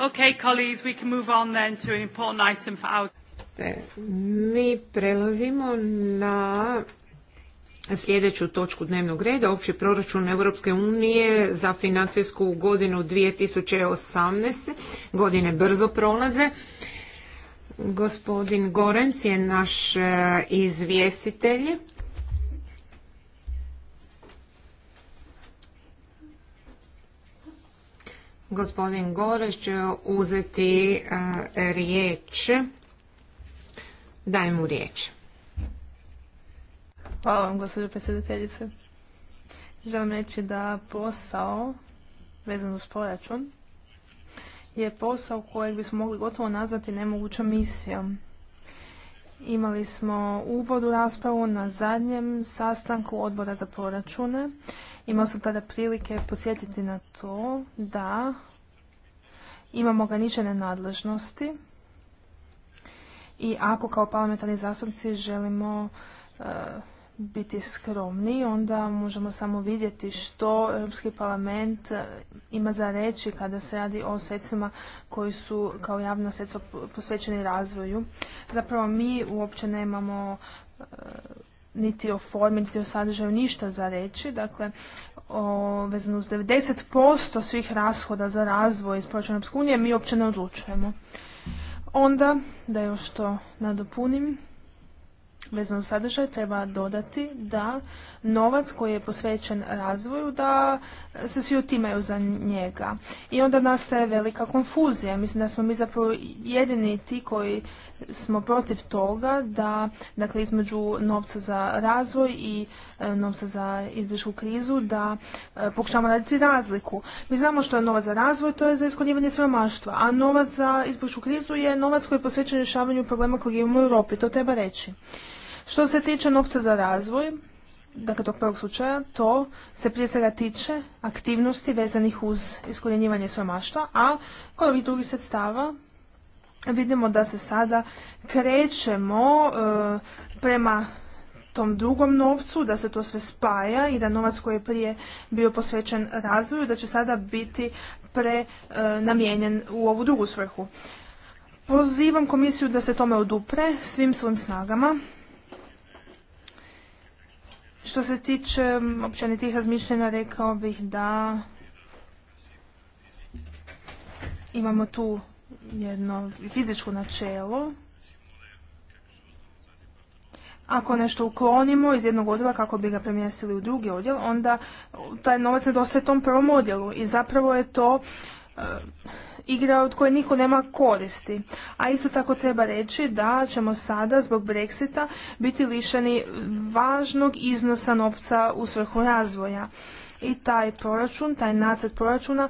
Okay, colleagues, we can move on then to an important item for our... E, mi prelazimo na sljedeću točku dnevnog reda, opći proračun Europske unije za financijsku godinu 2018. Godine brzo prolaze. Gospodin gorenc je naš e, izvjestitelj. Gospodin Goreš će uzeti e, riječ. Dajem mu riječ. Hvala vam, gospođo predsjedateljice. Želim reći da posao vezan uz proračun je posao kojeg bismo mogli gotovo nazvati nemogućom misijom. Imali smo u raspravu na zadnjem sastanku odbora za proračune. Imao sam tada prilike podsjetiti na to da imamo ograničene nadležnosti i ako kao parlamentarni zastupnici želimo e, biti skromni, onda možemo samo vidjeti što Europski parlament e, ima za reći kada se radi o sredstvima koji su kao javna sredstva posvećeni razvoju. Zapravo mi uopće nemamo e, niti o formi, niti o sadržaju ništa za reći. Dakle, o, vezano uz 90% svih rashoda za razvoj iz proračuna Europske unije mi uopće ne odlučujemo. Onda, da još to nadopunim, vezano sadržaj treba dodati da novac koji je posvećen razvoju da se svi otimaju za njega. I onda nastaje velika konfuzija. Mislim da smo mi zapravo jedini ti koji smo protiv toga da dakle između novca za razvoj i e, novca za izbješku krizu da e, pokušamo raditi razliku. Mi znamo što je novac za razvoj, to je za iskorjenjivanje siromaštva, a novac za izbješku krizu je novac koji je posvećen rješavanju problema koji imamo u Europi, to treba reći. Što se tiče novca za razvoj, dakle tog prvog slučaja, to se prije svega tiče aktivnosti vezanih uz iskorjenjivanje siromaštva, a kod ovih drugih sredstava vidimo da se sada krećemo eh, prema tom drugom novcu, da se to sve spaja i da novac koji je prije bio posvećen razvoju, da će sada biti prenamijenjen eh, u ovu drugu svrhu. Pozivam komisiju da se tome odupre svim svojim snagama što se tiče mm, općenitih razmišljanja, rekao bih da imamo tu jedno fizičko načelo. Ako nešto uklonimo iz jednog odjela kako bi ga premjestili u drugi odjel, onda taj novac nedostaje tom prvom odjelu i zapravo je to e, igra od koje niko nema koristi. A isto tako treba reći da ćemo sada zbog Brexita biti lišeni važnog iznosa novca u svrhu razvoja i taj proračun, taj nacrt proračuna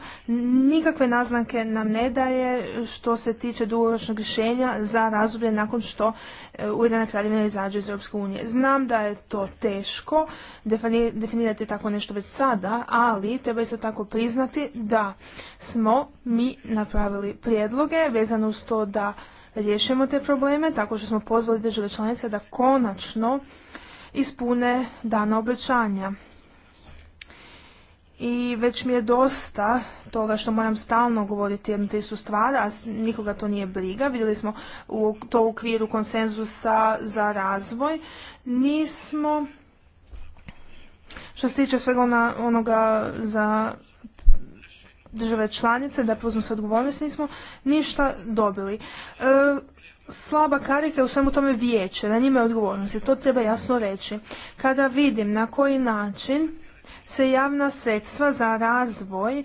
nikakve naznake nam ne daje što se tiče dugoročnog rješenja za razdoblje nakon što e, Ujedinjena kraljevina izađe iz Europske unije. Znam da je to teško definirati tako nešto već sada, ali treba isto tako priznati da smo mi napravili prijedloge vezano uz to da riješimo te probleme tako što smo pozvali države članice da konačno ispune dana obećanja i već mi je dosta toga što moram stalno govoriti jednu te istu stvar, a nikoga to nije briga. Vidjeli smo u, to u okviru konsenzusa za razvoj. Nismo, što se tiče svega onoga za države članice, da preuzmu se odgovornost, nismo ništa dobili. E, slaba karika je u svemu tome vijeće, na njima je odgovornost i to treba jasno reći. Kada vidim na koji način se javna sredstva za razvoj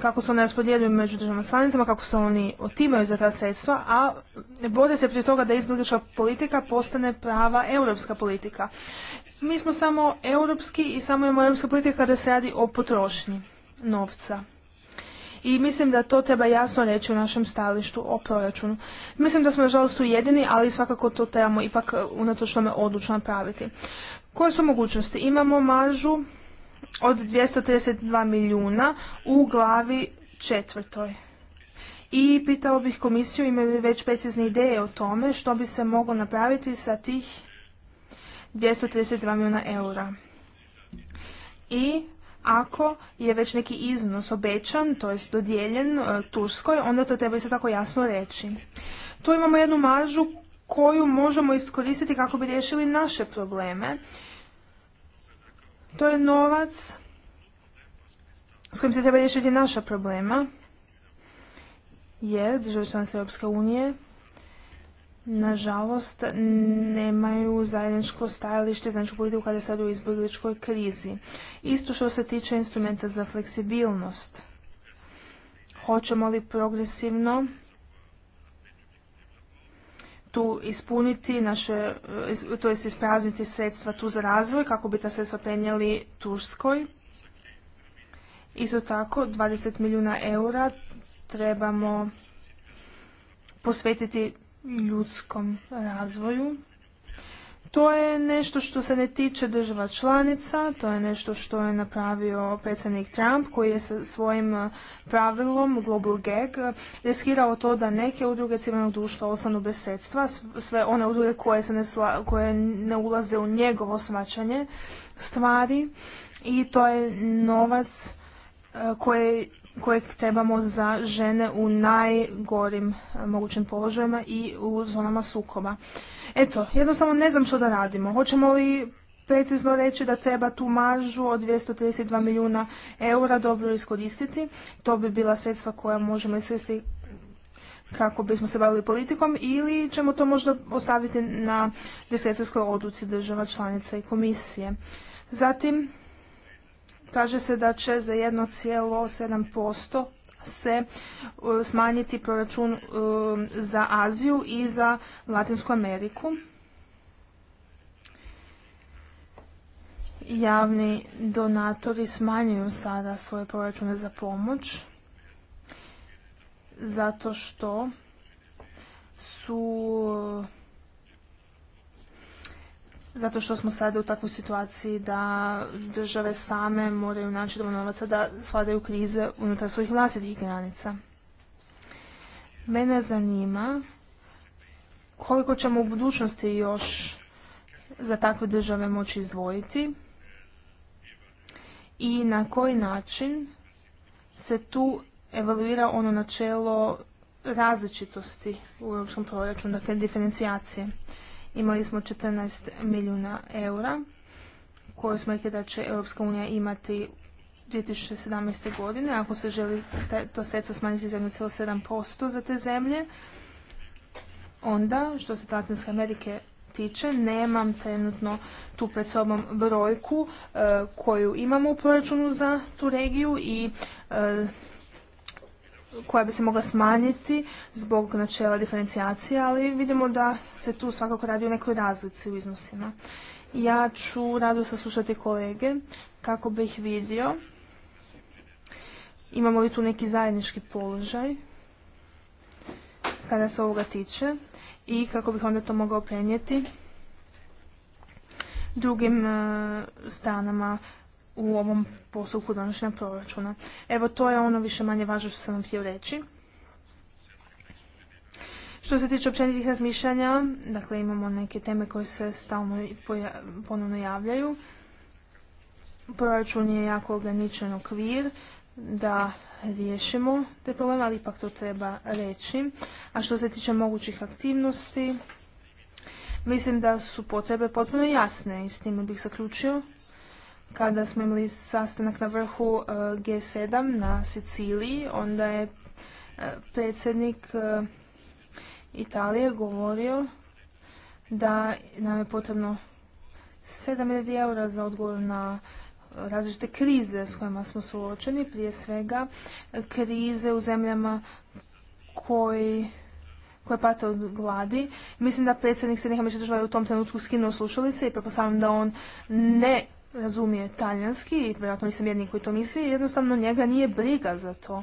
kako se one raspodjeljuju među državama članicama, kako se oni otimaju za ta sredstva, a bode se prije toga da izbjeglička politika postane prava europska politika. Mi smo samo europski i samo imamo europska politika kada se radi o potrošnji novca. I mislim da to treba jasno reći u našem stalištu o proračunu. Mislim da smo nažalost ujedini, ali svakako to trebamo ipak eh, unatoč tome odlučno napraviti. Koje su mogućnosti? Imamo maržu od 232 milijuna u glavi četvrtoj. I pitao bih komisiju imaju li već precizne ideje o tome što bi se moglo napraviti sa tih 232 milijuna eura. I ako je već neki iznos obećan, to je dodijeljen e, Turskoj, onda to treba se tako jasno reći. Tu imamo jednu maržu koju možemo iskoristiti kako bi riješili naše probleme. To je novac s kojim se treba riješiti naša problema, jer države članice Europske unije nažalost nemaju zajedničko stajalište, zajedničku politiku kada je sad u izbjegličkoj krizi. Isto što se tiče instrumenta za fleksibilnost. Hoćemo li progresivno tu ispuniti naše, e, to jest isprazniti sredstva tu za razvoj kako bi ta sredstva penjeli Turskoj. Isto tako 20 milijuna eura trebamo posvetiti ljudskom razvoju to je nešto što se ne tiče država članica, to je nešto što je napravio predsjednik Trump koji je sa svojim eh, pravilom Global Gag eh, riskirao to da neke udruge civilnog društva ostanu bez sredstva, sve one udruge koje, se ne, koje ne ulaze u njegovo svačanje stvari i to je novac eh, koje kojeg trebamo za žene u najgorim mogućim položajima i u zonama sukoba. Eto, jednostavno ne znam što da radimo. Hoćemo li precizno reći da treba tu maržu od 232 milijuna eura dobro iskoristiti. To bi bila sredstva koja možemo iskoristiti kako bismo se bavili politikom ili ćemo to možda ostaviti na diskrecijskoj odluci država članica i komisije. Zatim, kaže se da će za 1,7% se e, smanjiti proračun e, za Aziju i za Latinsku Ameriku. Javni donatori smanjuju sada svoje proračune za pomoć zato što su zato što smo sada u takvoj situaciji da države same moraju naći dovoljno novaca da svladaju krize unutar svojih vlastitih granica. Mene zanima koliko ćemo u budućnosti još za takve države moći izdvojiti i na koji način se tu evaluira ono načelo različitosti u europskom proračunu, dakle diferencijacije. Imali smo 14 milijuna eura koje smo rekli da će Europska unija imati 2017. godine, ako se želi to sredstvo smanjiti za 1,7% za te zemlje, onda, što se Latinske Amerike tiče, nemam trenutno tu pred sobom brojku e, koju imamo u proračunu za tu regiju i e, koja bi se mogla smanjiti zbog načela diferencijacije, ali vidimo da se tu svakako radi o nekoj razlici u iznosima. Ja ću rado saslušati kolege kako bi ih vidio. Imamo li tu neki zajednički položaj kada se ovoga tiče i kako bih onda to mogao prenijeti drugim stanama. Eh, stranama u ovom postupku donošenja proračuna. Evo, to je ono više manje važno što sam vam htio reći. Što se tiče općenitih razmišljanja, dakle imamo neke teme koje se stalno ponovno javljaju. Proračun je jako ograničen okvir da riješimo te probleme, ali ipak to treba reći. A što se tiče mogućih aktivnosti, mislim da su potrebe potpuno jasne i s time bih zaključio kada smo imali sastanak na vrhu e, G7 na Siciliji, onda je e, predsjednik e, Italije govorio da nam je potrebno 7 milijardi eura za odgovor na različite krize s kojima smo suočeni, prije svega krize u zemljama koji koje pate od gladi. Mislim da predsjednik Sjednih država je u tom trenutku skinuo slušalice i prepostavljam da on ne razumije talijanski i vjerojatno nisam jedini koji to misli, jednostavno njega nije briga za to.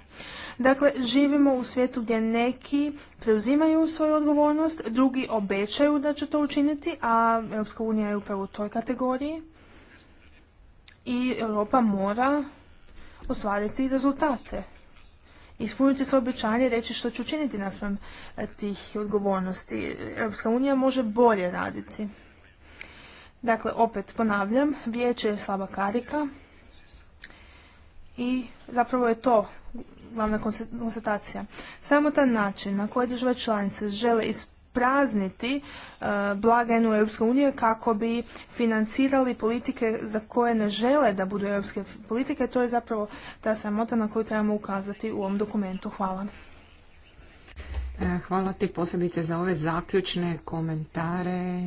Dakle, živimo u svijetu gdje neki preuzimaju svoju odgovornost, drugi obećaju da će to učiniti, a Europska unija je upravo u toj kategoriji i Europa mora ostvariti rezultate. Ispuniti svoje obećanje i reći što će učiniti naspram tih odgovornosti. Europska unija može bolje raditi. Dakle, opet ponavljam, vijeće je slaba karika i zapravo je to glavna konstatacija. Samo ta način na koji države članice žele isprazniti e, blaga blagajnu Europske unije kako bi financirali politike za koje ne žele da budu europske politike, to je zapravo ta samota na koju trebamo ukazati u ovom dokumentu. Hvala. E, hvala ti posebice za ove zaključne komentare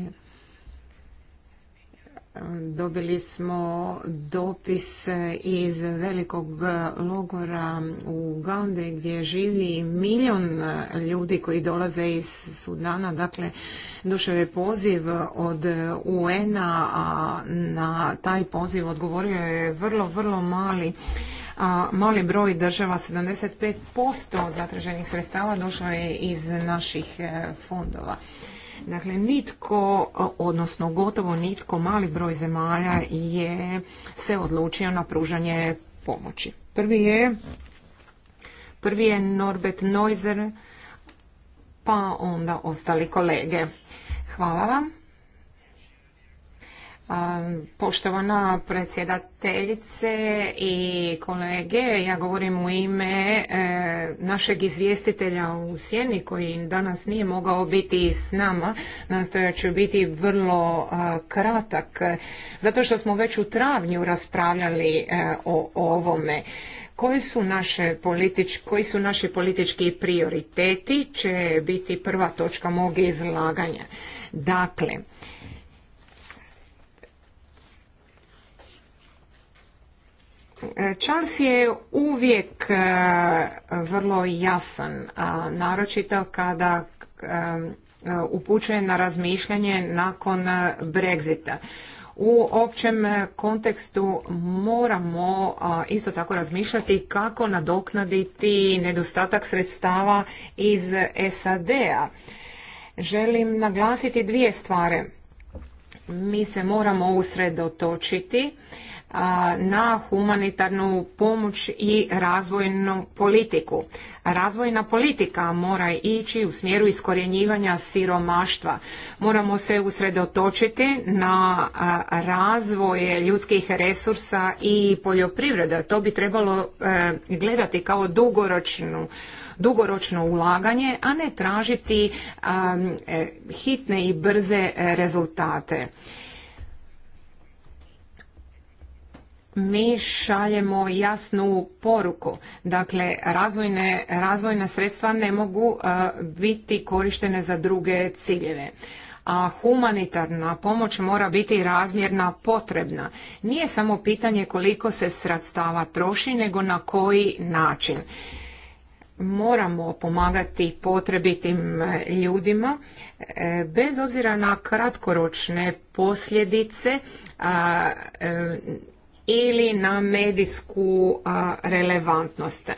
Dobili smo dopis iz velikog logora u Gande gdje živi milion ljudi koji dolaze iz Sudana. Dakle, došao je poziv od UN-a, a na taj poziv odgovorio je vrlo, vrlo mali a mali broj država, 75% zatraženih sredstava došlo je iz naših e, fondova. Dakle, nitko, odnosno gotovo nitko, mali broj zemalja je se odlučio na pružanje pomoći. Prvi je, prvi je Norbert Neuser, pa onda ostali kolege. Hvala vam. Poštovana predsjedateljice i kolege, ja govorim u ime e, našeg izvjestitelja u Sjeni koji danas nije mogao biti s nama. nastoja ću biti vrlo kratak zato što smo već u travnju raspravljali e, o ovome. Koji su, naše politič, koji su naši politički prioriteti će biti prva točka mog izlaganja. Dakle, Charles je uvijek e, vrlo jasan, naročito kada e, upućuje na razmišljanje nakon Brexita. U općem kontekstu moramo isto tako razmišljati kako nadoknaditi nedostatak sredstava iz SAD-a. Želim naglasiti dvije stvari mi se moramo usredotočiti na humanitarnu pomoć i razvojnu politiku. Razvojna politika mora ići u smjeru iskorjenjivanja siromaštva. Moramo se usredotočiti na razvoj ljudskih resursa i poljoprivrede. To bi trebalo e, gledati kao dugoročnu dugoročno ulaganje, a ne tražiti e, hitne i brze rezultate. mi šaljemo jasnu poruku. Dakle, razvojne, razvojna sredstva ne mogu e, biti korištene za druge ciljeve a humanitarna pomoć mora biti razmjerna potrebna. Nije samo pitanje koliko se sredstava troši, nego na koji način. Moramo pomagati potrebitim e, ljudima, e, bez obzira na kratkoročne posljedice, ili na medijsku relevantnost.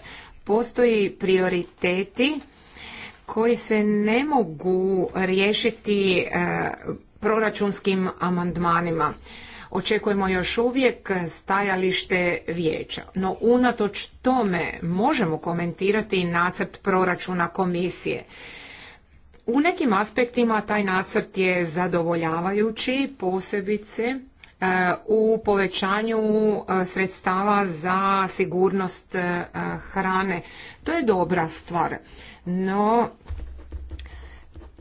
Postoji prioriteti koji se ne mogu riješiti e, proračunskim amandmanima. Očekujemo još uvijek stajalište vijeća, no unatoč tome možemo komentirati nacrt proračuna komisije. U nekim aspektima taj nacrt je zadovoljavajući, posebice E, u povećanju e, sredstava za sigurnost e, hrane. To je dobra stvar, no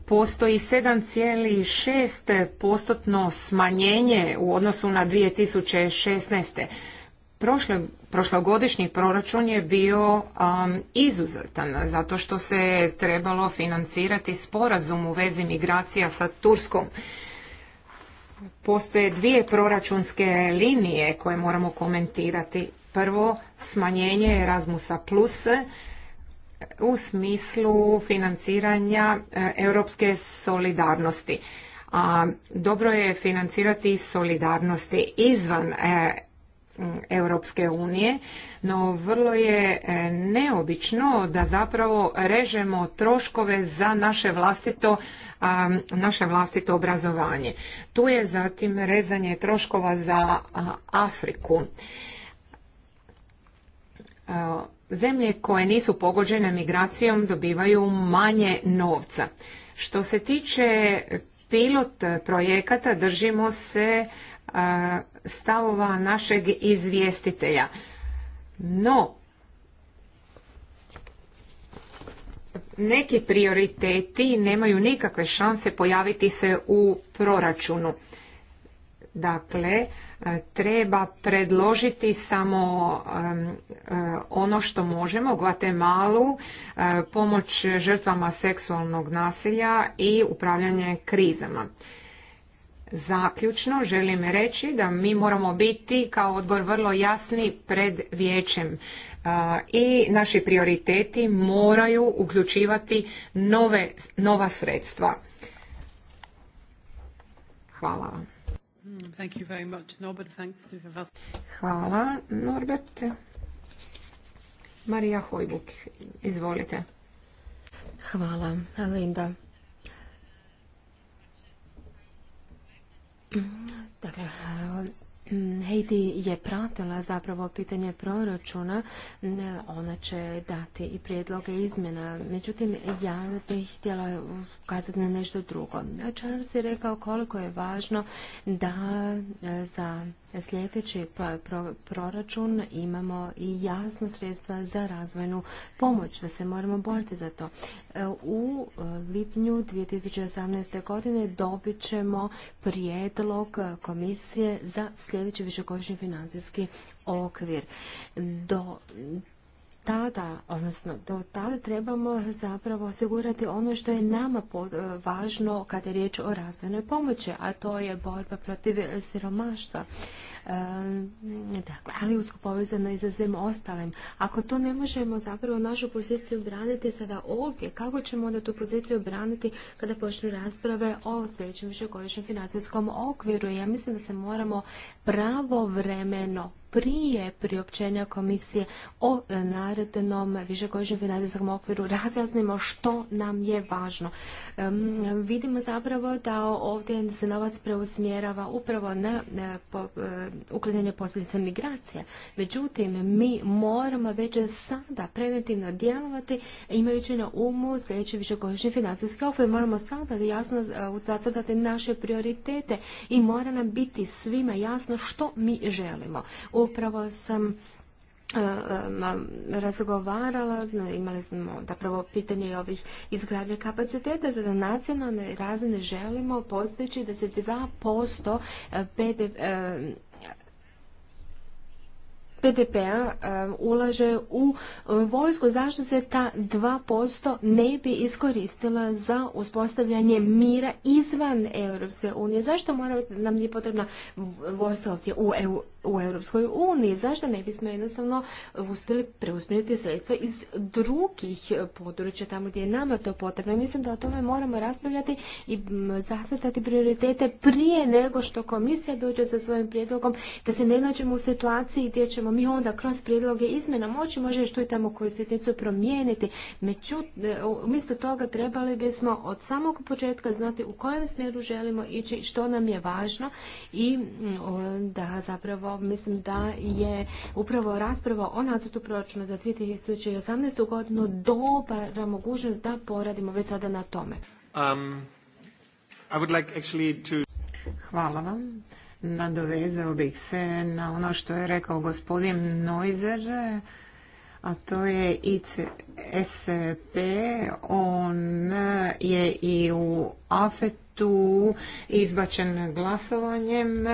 postoji 7,6 postotno smanjenje u odnosu na 2016. Prošle, prošlogodišnji proračun je bio izuzetan zato što se trebalo financirati sporazum u vezi migracija sa Turskom postoje dvije proračunske linije koje moramo komentirati. Prvo, smanjenje Erasmusa Plus e, u smislu financiranja e, europske solidarnosti. A dobro je financirati solidarnosti izvan e, Europske unije, no vrlo je e, neobično da zapravo režemo troškove za naše vlastito, naše vlastito obrazovanje. Tu je zatim rezanje troškova za Afriku. E, zemlje koje nisu pogođene migracijom dobivaju manje novca. Što se tiče pilot projekata držimo se stavova našeg izvjestitelja. No, neki prioriteti nemaju nikakve šanse pojaviti se u proračunu. Dakle, e, treba predložiti samo e, ono što možemo, malu e, pomoć žrtvama seksualnog nasilja i upravljanje krizama. Zaključno želim reći da mi moramo biti kao odbor vrlo jasni pred vijećem i naši prioriteti moraju uključivati nova sredstva. Hvala vam. Thank you very much, Norbert. Thanks to Hvala, Norbert. Marija Hojbuk, izvolite. Hvala, Linda. Heidi je pratila zapravo pitanje proračuna, ona će dati i prijedloge izmjena. Međutim, ja bih htjela ukazati na nešto drugo. Charles je rekao koliko je važno da e, za sljedeći pa, proračun imamo i jasna sredstva za razvojnu pomoć, da se moramo boriti za to. E, u e, lipnju 2018. godine dobit ćemo prijedlog komisije za sljedeći višegodišnji financijski okvir. Do tada, odnosno do tada trebamo zapravo osigurati ono što je nama e, važno kada je riječ o razvojnoj pomoći, a to je borba protiv siromaštva dakle, ali usko povezano i za svim ostalim. Ako to ne možemo zapravo našu poziciju braniti sada ovdje, kako ćemo onda tu poziciju braniti kada počnu rasprave o sljedećem višegodišnjem financijskom okviru? Ja mislim da se moramo pravovremeno prije priopćenja komisije o e, narednom višegodišnjem financijskom okviru razjasnimo što nam je važno. vidimo zapravo da ovdje se novac preusmjerava upravo na, e, e, uklanjanje posljedica migracija. Međutim, mi moramo već sada preventivno djelovati imajući na umu sljedeći višegodišnji financijski okvir. Moramo sada jasno e, zacrtati naše prioritete i mora nam biti svima jasno što mi želimo. Upravo sam e, razgovarala, imali smo zapravo pitanje ovih izgradnje kapaciteta, za da nacionalne razine želimo postići da se 2% PDP-a ulaže u vojsku, zašto se ta 2% ne bi iskoristila za uspostavljanje mira izvan Europske unije? Zašto mora, nam nije potrebna vojska ovdje u, EU, u Europskoj uniji? Zašto ne bismo jednostavno uspjeli preusmjeriti sredstva iz drugih područja tamo gdje je nama to potrebno? Mislim da o tome moramo raspravljati i zacrtati prioritete prije nego što komisija dođe sa svojim prijedlogom da se ne nađemo u situaciji gdje ćemo mi onda kroz prijedloge izmjena moći može još tu i tamo koju sitnicu promijeniti. Međutim, e, umjesto toga trebali bismo od samog početka znati u kojem smjeru želimo ići, što nam je važno i da zapravo mislim da je upravo rasprava o nacrtu proračuna za 2018. godinu dobra mogućnost da poradimo već sada na tome. Um, Hvala vam nadovezao bih se na ono što je rekao gospodin Noizer, a to je ICSP, on je i u afetu izbačen glasovanjem,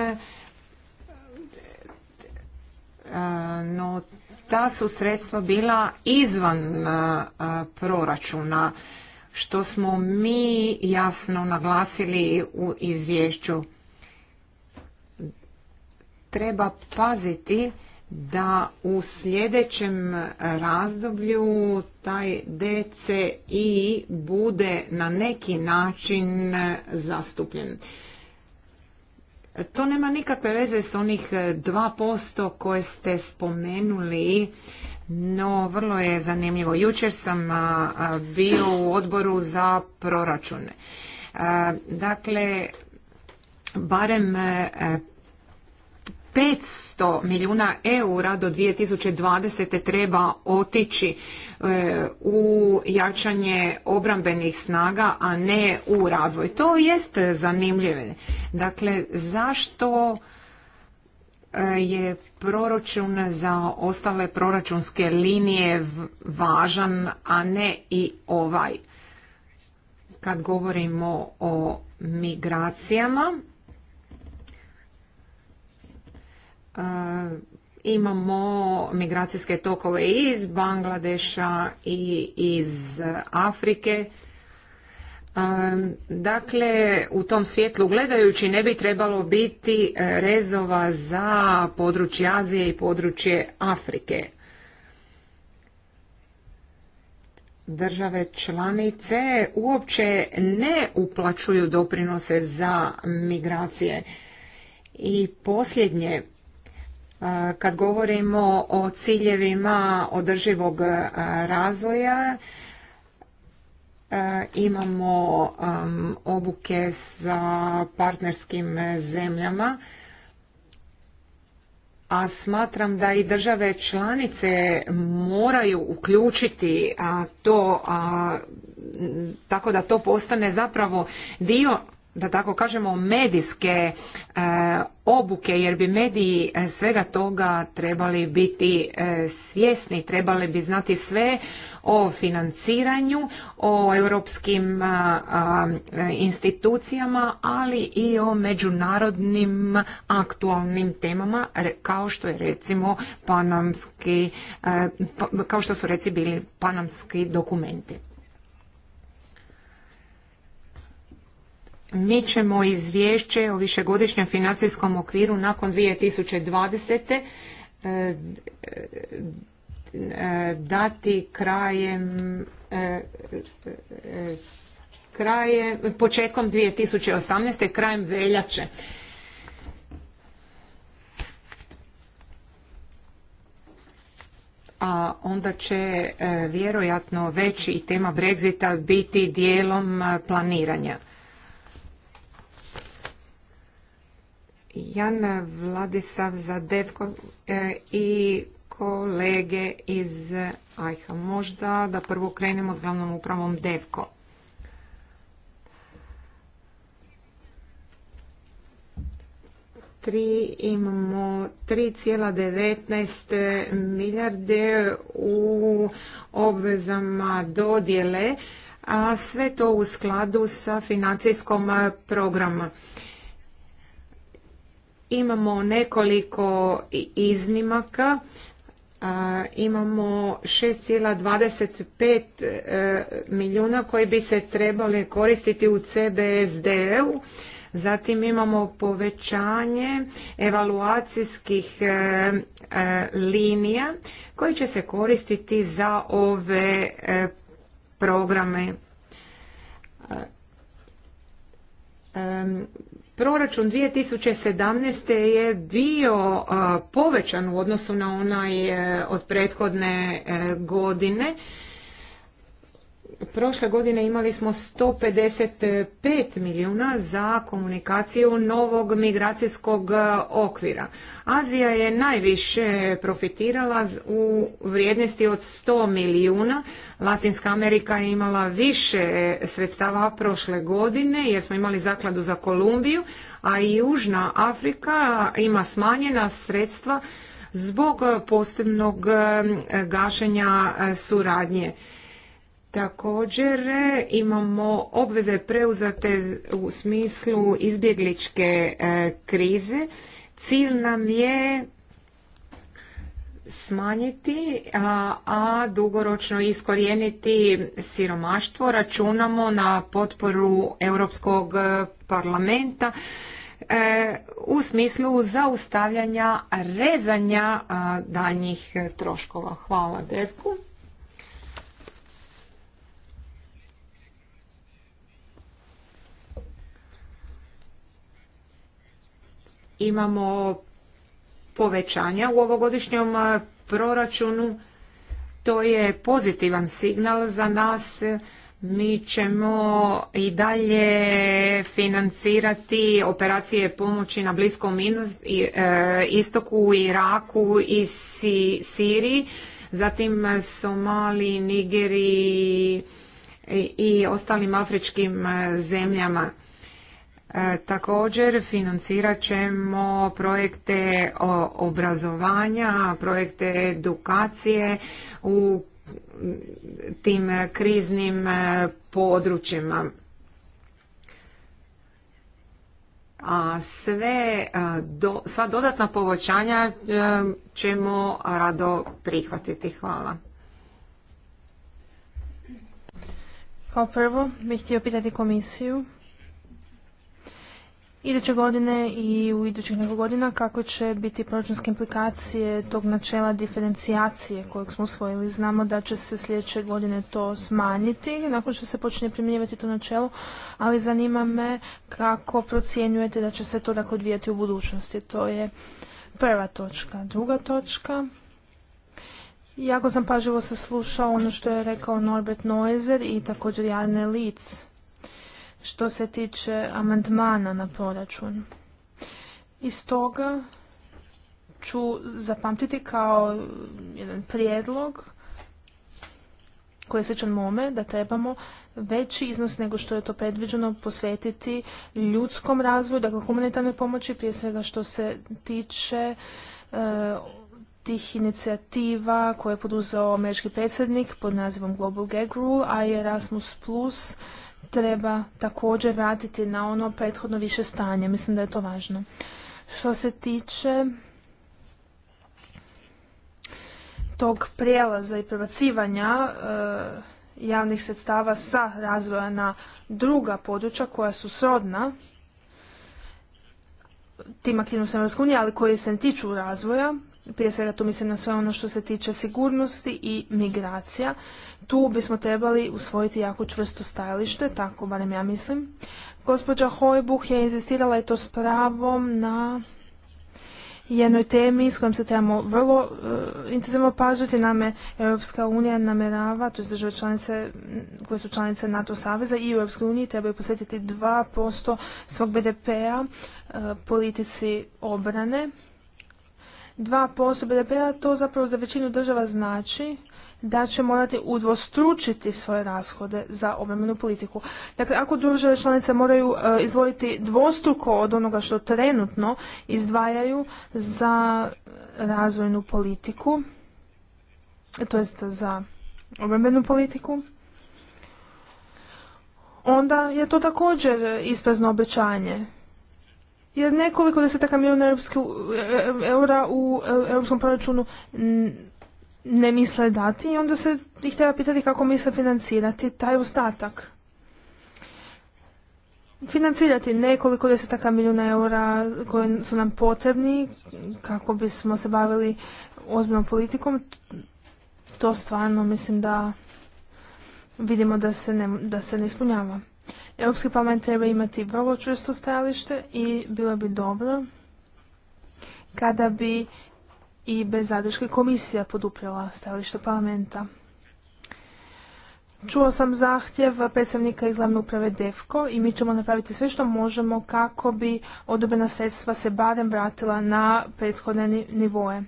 no ta su sredstva bila izvan proračuna, što smo mi jasno naglasili u izvješću treba paziti da u sljedećem razdoblju taj DCI bude na neki način zastupljen. To nema nikakve veze s onih 2% koje ste spomenuli, no vrlo je zanimljivo. Jučer sam bio u odboru za proračune. Dakle, barem 500 milijuna eura do 2020. treba otići e, u jačanje obrambenih snaga, a ne u razvoj. To jest zanimljivo. Dakle, zašto e, je proračun za ostale proračunske linije važan, a ne i ovaj? Kad govorimo o migracijama, E, imamo migracijske tokove iz Bangladeša i iz Afrike. E, dakle, u tom svjetlu gledajući ne bi trebalo biti e, rezova za područje Azije i područje Afrike. Države članice uopće ne uplaćuju doprinose za migracije. I posljednje, kad govorimo o ciljevima održivog razvoja, imamo obuke sa partnerskim zemljama, a smatram da i države članice moraju uključiti to tako da to postane zapravo dio da tako kažemo medijske e, obuke jer bi mediji e, svega toga trebali biti e, svjesni, trebali bi znati sve o financiranju, o europskim institucijama, ali i o međunarodnim aktualnim temama kao što je recimo panamski, pa, kao što su reci bili panamski dokumenti. mi ćemo izvješće o višegodišnjem financijskom okviru nakon 2020. E, e, e, dati krajem kraje, početkom 2018. krajem veljače. a onda će vjerojatno već i tema Brexita biti dijelom planiranja. Jan Vladisav za Devko e, i kolege iz Ajha. Možda da prvo krenemo s glavnom upravom Devko. Tri, imamo 3,19 milijarde u obvezama dodjele, a sve to u skladu sa financijskom programom. Imamo nekoliko iznimaka. Imamo 6,25 e, milijuna koji bi se trebali koristiti u CBSD-u. Zatim imamo povećanje evaluacijskih e, e, linija koji će se koristiti za ove programe Proračun 2017. je bio povećan u odnosu na onaj e, od prethodne e, godine prošle godine imali smo 155 milijuna za komunikaciju novog migracijskog e, okvira. Azija je najviše profitirala u vrijednosti od 100 milijuna. Latinska Amerika je imala više e, sredstava prošle godine jer smo imali zakladu za Kolumbiju, a i Južna Afrika ima smanjena sredstva zbog e, postupnog gašenja suradnje. Također imamo obveze preuzete u smislu izbjegličke e, krize. Cilj nam je smanjiti, a, a dugoročno iskorijeniti siromaštvo. Računamo na potporu Europskog parlamenta e, u smislu zaustavljanja rezanja daljnjih troškova. Hvala Devku. imamo povećanja u ovogodišnjom e, proračunu. To je pozitivan signal za nas. Mi ćemo i dalje financirati operacije pomoći na Bliskom e, istoku, u Iraku i Siriji, zatim Somali, Nigeri i ostalim afričkim e, zemljama. E, također financirat ćemo projekte obrazovanja, projekte edukacije u tim kriznim e, područjima. A sve, e, sva dodatna povećanja ćemo rado prihvatiti. Hvala. Kao prvo bih htio pitati komisiju iduće godine i u idućih nekog godina kako će biti proračunske implikacije tog načela diferencijacije kojeg smo usvojili. Znamo da će se sljedeće godine to smanjiti nakon što se počne primjenjivati to načelo, ali zanima me kako procjenjujete da će se to dakle odvijati u budućnosti. To je prva točka. Druga točka. Jako sam pažljivo saslušao ono što je rekao Norbert Neuser i također Jarne Litz što se tiče amandmana na proračun. I toga ću zapamtiti kao jedan prijedlog koji je sličan mome, da trebamo veći iznos nego što je to predviđeno posvetiti ljudskom razvoju, dakle humanitarnoj pomoći, prije svega što se tiče eh, tih inicijativa koje je poduzeo američki predsjednik pod nazivom Global Gag Rule, a i Erasmus Plus treba također vratiti na ono prethodno više stanje. Mislim da je to važno. Što se tiče tog prijelaza i prebacivanja e, javnih sredstava sa razvoja na druga područja koja su srodna tim aktivnostima Europske unije, ali koji se tiču razvoja, prije svega tu mislim na sve ono što se tiče sigurnosti i migracija, tu bismo trebali usvojiti jako čvrsto stajalište, tako barem ja mislim. Gospođa Hojbuh je insistirala i to s pravom na jednoj temi s kojom se trebamo vrlo eh, intenzivno pažiti. Naime, Europska unija namjerava, to je države članice mm, koje su članice NATO saveza i u uniji trebaju posvetiti 2% svog BDP-a eh, politici obrane dva BDP-a, to zapravo za većinu država znači da će morati udvostručiti svoje rashode za obrambenu politiku. Dakle, ako države članice moraju e, dvostruko od onoga što trenutno izdvajaju za razvojnu politiku, e, to jest za obrambenu politiku, onda je to također isprazno obećanje jer nekoliko desetaka milijuna e- e- eura u e- europskom proračunu ne misle dati i onda se ih treba pitati kako misle financirati taj ostatak. Financirati nekoliko desetaka milijuna eura koji su nam potrebni kako bismo se bavili ozbiljnom politikom, to stvarno mislim da vidimo da se ne, da se ne ispunjava. Europski parlament treba imati vrlo čvrsto stajalište i bilo bi dobro kada bi i bez zadrške komisija poduprijela stajalište parlamenta. Čuo sam zahtjev predstavnika iz glavne uprave DEFKO i mi ćemo napraviti sve što možemo kako bi odobrena sredstva se barem vratila na prethodne nivoe.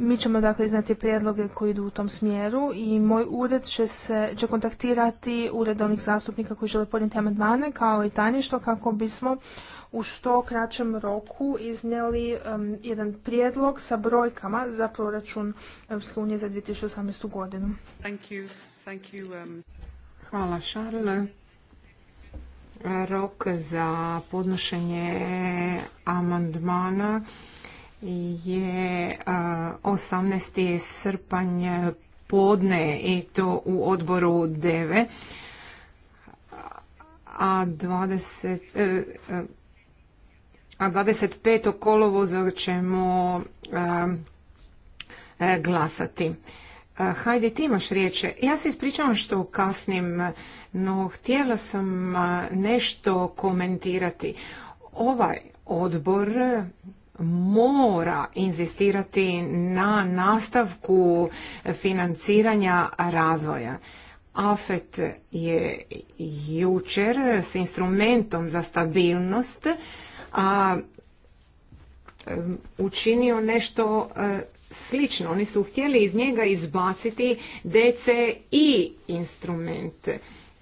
Mi ćemo dakle iznati prijedloge koji idu u tom smjeru i moj ured će, se, će kontaktirati ured onih zastupnika koji žele podnijeti amandmane kao i tajništvo kako bismo u što kraćem roku iznijeli jedan prijedlog sa brojkama za proračun EU za 2018. godinu. Thank you. Thank you, Hvala Šarle. Rok za podnošenje amandmana je 18. srpanj podne i to u odboru 9 a 20 e, e, a 25. kolovoza ćemo e, glasati. Hajde, ti imaš riječe. Ja se ispričavam što kasnim, no htjela sam nešto komentirati. Ovaj odbor mora inzistirati na nastavku financiranja razvoja. AFET je jučer s instrumentom za stabilnost a, učinio nešto e, slično. Oni su htjeli iz njega izbaciti DCI instrumente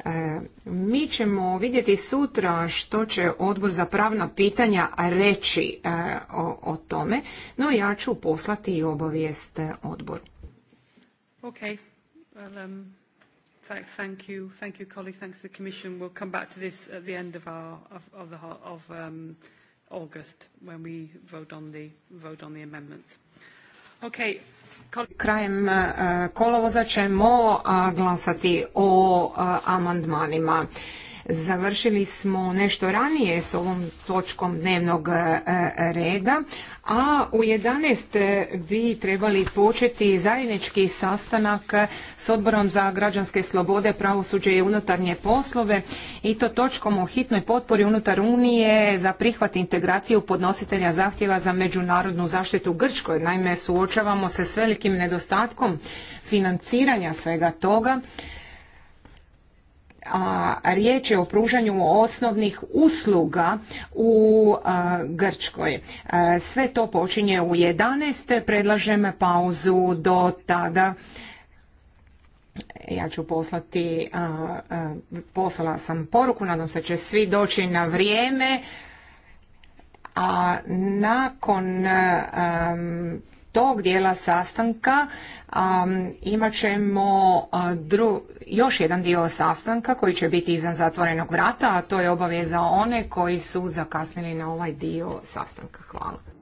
E, mi ćemo vidjeti sutra što će odbor za pravna pitanja reći e, o, tome, no ja ću poslati i obavijest odboru. Okay. Well, um, thank, thank you. Thank you, colleague, Thanks to the Commission. We'll come back to this at the end of, our, of, of, the, of um, August when we vote on the, vote on the amendments. Okay. Krajem e, kolovoza ćemo glasati o e, amandmanima. Završili smo nešto ranije s ovom točkom dnevnog e, reda, a u 11 bi trebali početi zajednički sastanak s odborom za građanske slobode, pravosuđe i unutarnje poslove i to točkom o hitnoj potpori unutar Unije za prihvat integraciju podnositelja zahtjeva za međunarodnu zaštitu Grčkoj. Naime, suočavamo se s velikim nedostatkom financiranja svega toga a riječ je o pružanju osnovnih usluga u Grčkoj. sve to počinje u 11. Predlažem pauzu do tada. Ja ću poslati, poslala sam poruku, nadam se će svi doći na vrijeme. A nakon tog dijela sastanka imat ćemo još jedan dio sastanka koji će biti izan zatvorenog vrata, a to je obaveza one koji su zakasnili na ovaj dio sastanka. Hvala.